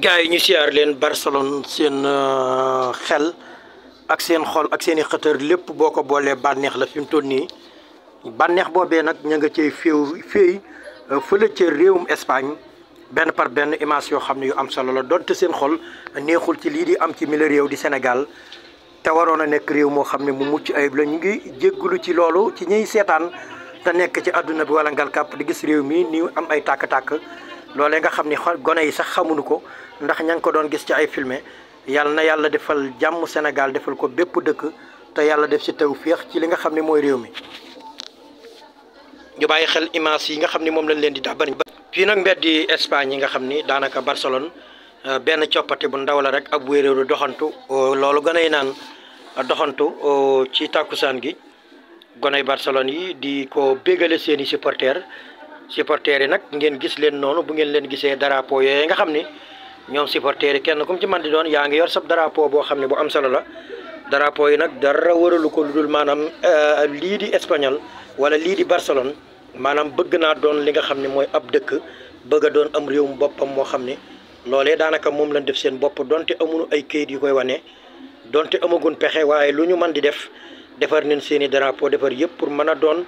gars yi ñu siyaar leen Barcelone seen euh, xel ak seen xol ak seeni i xëtër lépp boo ko boolee bànneex la fi mu toll nii bànneex boobee nag ña nga cay féew féey euh, fële ca réewum Espagne benn par benn image yoo xam ne yu am solo la donte seen xol neexul ci lii di am ci mille réew di senegal te waroon a nekk réew moo xam ne mu mucc ayib la ñu ngi jéggalu ci loolu ci ñuy seetaan te nekk ci àdduna bi wala ngal di gis réew mi ni am ay tàkk-tàkk loolee nga xam ni gone yi sax xamuñu ko ndax ña ngi ko doon gis ci ay filmé yàlla na yàlla defal jàmm Sénégal defal ko bépp dëkk te yàlla def si tew tawféex ci li nga xam ne mooy réew mi. ñu bàyyi xel image yi nga xam ni moom lañ leen di tax bari. fii nag mbeddi Espagne yi nga xam ni daanaka Barcelone euh, benn coppati bu ndaw la rek ab wéeréeru doxantu euh, loolu gën yi naan doxantu euh, ci tàkkusaan gi gone Barcelone yi di ko bégale seeni supporters. supporters yi nag ngeen gis leen noonu bu ngeen leen gisee drapeau yooyu nga xam ni ñoom supporters kenn kum ci man di doon yaa ngi yor sab drapeau boo xam ne boo am solo la drapeau yi nag dara waralu ko lu dul maanaam euh, lii di espagnol wala lii di Barcelone maanaam bëgg naa doon li nga xam ne mooy ab dëkk bëgg doon am réewum boppam moo xam ni loole daanaka moom lañ def seen bopp donte amuñu ay kayit yu koy wane donte amagun pexe waaye lu ñu mën di def defar nañ seen i drapeau defar yëpp pour mën a doon.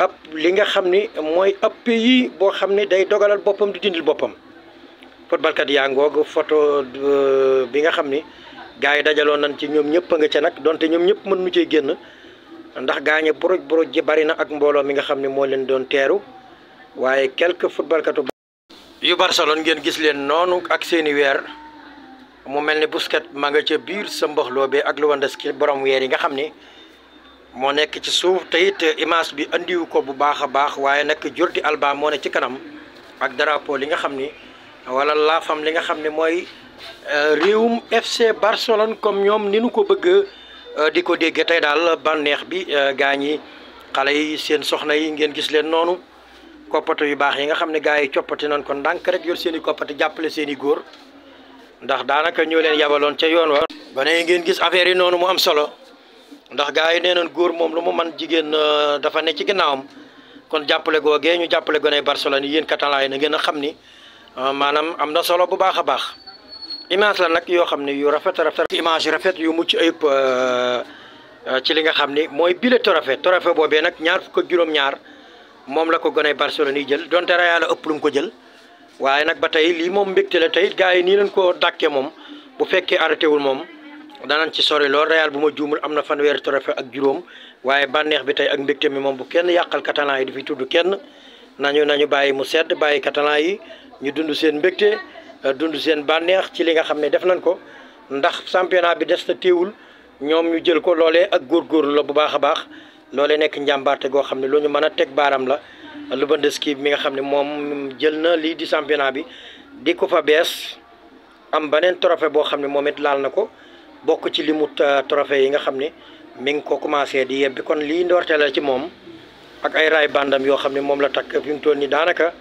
ab li nga xam ni mooy ab pays boo xam ne day dogalal boppam di dindil boppam footballkat yaa ngoog photo euh, bi nga xam ni gars yi dajaloon nañ ci ñoom ñëpp a nga ca nag donte ñoom ñëpp mën nu cee génn ndax gaa ñi boroj boroj ji bari na ak mbooloo mi nga xam ne moo leen doon teeru waaye quelques footballkatu yu Barcelone ngeen gis leen noonu ak seeni weer mu mel ni Busquets ma nga ca biir sa mboxloo bi ak Lewandowski borom weer yi nga xam ni moo nekk ci suuf te image bi indiwu ko bu baax a baax waaye nag jurdi alba moo ne ci kanam ak drapeau li nga xam ni wala laafam li nga xam ne mooy euh, réewum FC Barcelone comme ñoom ni nu ko bëgg euh, di ko dégg tey daal bànneex bi euh, gaa ñi xale yi seen soxna yi ngeen gis leen noonu koppatu yu baax yi nga xam ne gaa yi coppati nañ ko ndànk rek yor seeni koppati jàppale seeni i góor ndax daanaka ñëw leen yabaloon ca yoon wa. ba ne ngeen gis affaire yi noonu mu am solo. ndax gars yi nee nañ góor moom lu mu man jigéen euh, dafa ne ci ginnaawam kon jàppale googee ñu jàppale gone Barcelone yéen Catalan yi na ngeen a xam ni euh, maanaam am na solo bu baax a baax image la nag yoo xam ne yu rafet rafet image rafet yu mucc ayib euh, ci li nga xam ni mooy bile trophée trophée boobee nag ñaar fukk ak juróom-ñaar moom la ko gone Barcelone yi jël donte Real la ëpp lu ko jël waaye nag ba tey lii moom mbégte la tey gars yi nii leen ko dàkkee moom bu fekkee arrêté wul moom danañ ci sori lool Real bu ma juumul am na fanweeri trophée ak juróom waaye bànneex bi tey ak mbégte mi moom bu kenn yàqal catalan yi di fi tudd kenn nañu nañu bàyyi mu sedd bàyyi catalan yi ñu dund seen mbégte euh, dund seen bànneex ci li nga xam ne def nañ ko ndax championnat bi des na téewul ñoom ñu jël ko loole ak góorgóorlu la bu baax a baax loolee nekk njàmbaarte goo xam ne lu ñu mën a teg baaram la kii mi nga xam ne moom jël na lii di championnat bi di ko fa bees am beneen trophée boo xam ne moom it laal na ko bokk ci limu trophée yi nga xam ni mi ngi ko commencé di yebbi kon lii ndoorte la ci moom ak ay raay bandam yoo xam ne moom la takk fi mu toll nii daanaka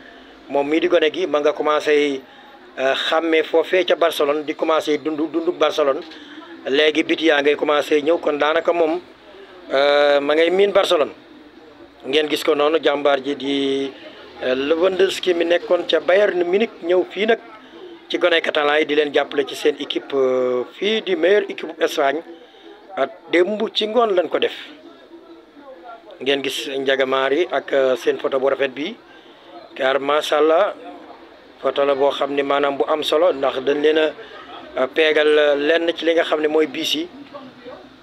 moom mii di gone gi ma nga commencé euh, xàmmee fee ca Barcelone di commencé dund dundu Barcelone léegi biti yaa ngay commencé ñëw kon daanaka moom euh, ma ngay miin Barcelone ngeen gis ko noonu jàmbaar ji di euh, Lewandowski mi nekkoon ca Bayern Munich ñëw fii nag. ci gone catalan yi di leen jàppale ci seen équipe euh, fii di meilleure équipe bu Espagne ak démb ci ngoon lañ ko def ngeen gis njagamaar yi ak euh, seen photo bu rafet bi car macha allah photo la boo xam ne maanaam bu am solo ndax dañ leen a euh, peegal lenn ci li nga xam ne mooy biis yi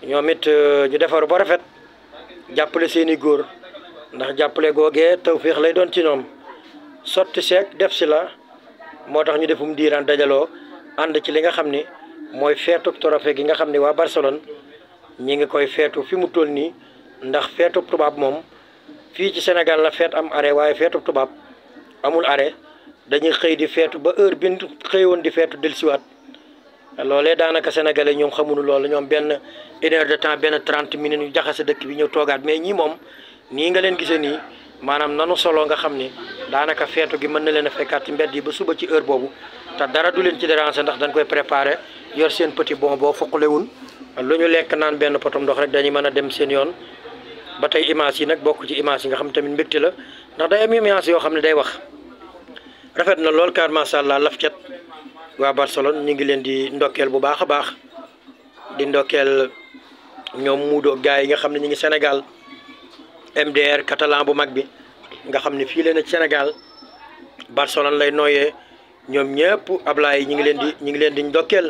ñoom it ñu defaru ba rafet jàppale seeni góor ndax jàppale googee tawféex lay doon ci ñoom sotti seek def si la moo tax ñu defum diiraan dajaloo ànd ci li nga xam ne mooy feetu trophée gi nga xam ni waa Barcelone ñi ngi koy feetu fi mu toll nii ndax feetu tubaab moom fii ci senegal la feet am arrêt waaye feetu tubaab amul arrêt dañuy xëy di feetu ba heure bi xëyoon di feetu dellusiwaat loolee daanaka sénégalais ñoom xamuñu loolu ñoom benn une de temps benn trente minutes ñu jaxase dëkk bi ñu toogaat mais ñii moom nii nga leen gisee nii. maanaam nanu solo nga xam ni daanaka feetu gi mën na leen a fekkaat ci mbedd yi ba suba ci heure boobu te dara du leen ci déranger ndax dañ koy préparer yor seen petit bon boo foqalewul lu ñu lekk naan benn potom ndox rek dañuy mën a dem seen yoon ba tey image yi nag bokk ci image yi nga xam tamit mbégte la ndax day am image yoo xam ne day wax rafet na lool car macha laf cet waa Barcelone ñi ngi leen di ndokkeel bu baax a baax di ndokkeel ñoom muudo gaa yi nga xam ne ñu ngi Sénégal MDR catalan bu mag bi nga xam ne fii leen senegal Sénégal Barcelone lay nooyee ñoom ñëpp Ablaye ñi ngi leen di ñu ngi leen di ndokkeel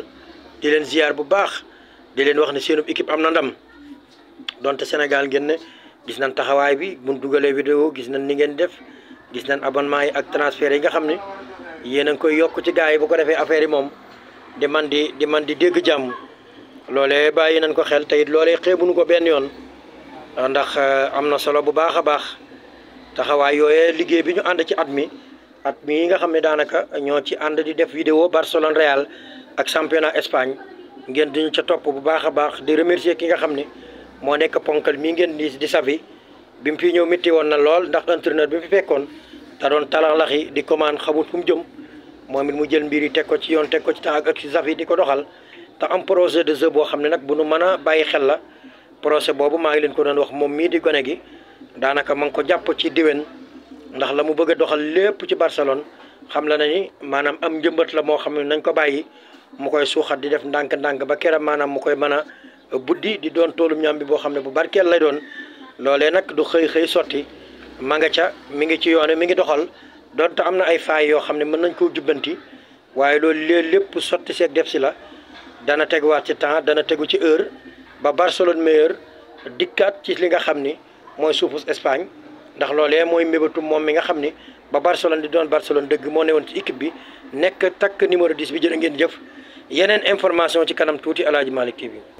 di leen ziar bu baax di leen wax ne seenub équipe am na ndam donte Sénégal ngeen ne gis nañ taxawaay bi buñ dugalee vidéo gis nañ ni ngeen def gis nan abonnement yi ak transfert yi nga xam ne yéen a ngi koy yokk ci gars yi bu ko defee affaire yi moom di man di di man di dégg jàmm loolee bàyyi nañ ko xel tey it loolee xeebuñu ko benn yoon ndax eh, am na solo bu baax a baax taxawaay yooyee liggéey bi ñu ànd ci at mi at mi nga xam ne daanaka ñoo ci ànd di def vidéo Barcelone Real ak championnat Espagne ngeen diñu ca topp bu baax a baax di remercier ki nga xam ne moo nekk ponkal mii ngeen di di savi bi mu fi ñëw métti woon na lool ndax entraîneur bi mu fi fekkoon da doon talaxlaxi di commande xamul fu mu jëm moom it mu jël mbir yi teg ko ci yoon teg ko ci temps ak si di ko doxal te am projet de jeu boo xam ne nag bu nu mën a bàyyi xel la projet boobu maa ngi leen ko doon wax moom mii di gone gi daanaka ma ngi ko jàpp ci diwen ndax la mu bëgg a doxal lépp ci Barcelone xam la na ni maanaam am njëmbat la moo xam ne nañ ko bàyyi mu koy suuxat di def ndànk-ndànk ba keroog maanaam mu koy mën a buddi di doon toolum ñam bi boo xam ne bu barkeel lay doon loolee nag du xëy xëy sotti ma nga ca mi ngi ci yoone mi ngi doxal donte am na ay faay yoo xam ne mën nañ koo jubbanti waaye loolu lépp sotti seeg def si la dana teguwaat ci temps dana tegu ci heure ba Barcelone meilleur dikkaat ci li nga xam ni mooy suufus Espagne ndax loolee mooy mébétu moom mi nga xam ni ba Barcelone di doon Barcelone dëgg moo newoon ci équipe bi nekk takk numéro 10 bi jërë ngeen jëf yeneen information ci kanam tuuti Aladji Malick bi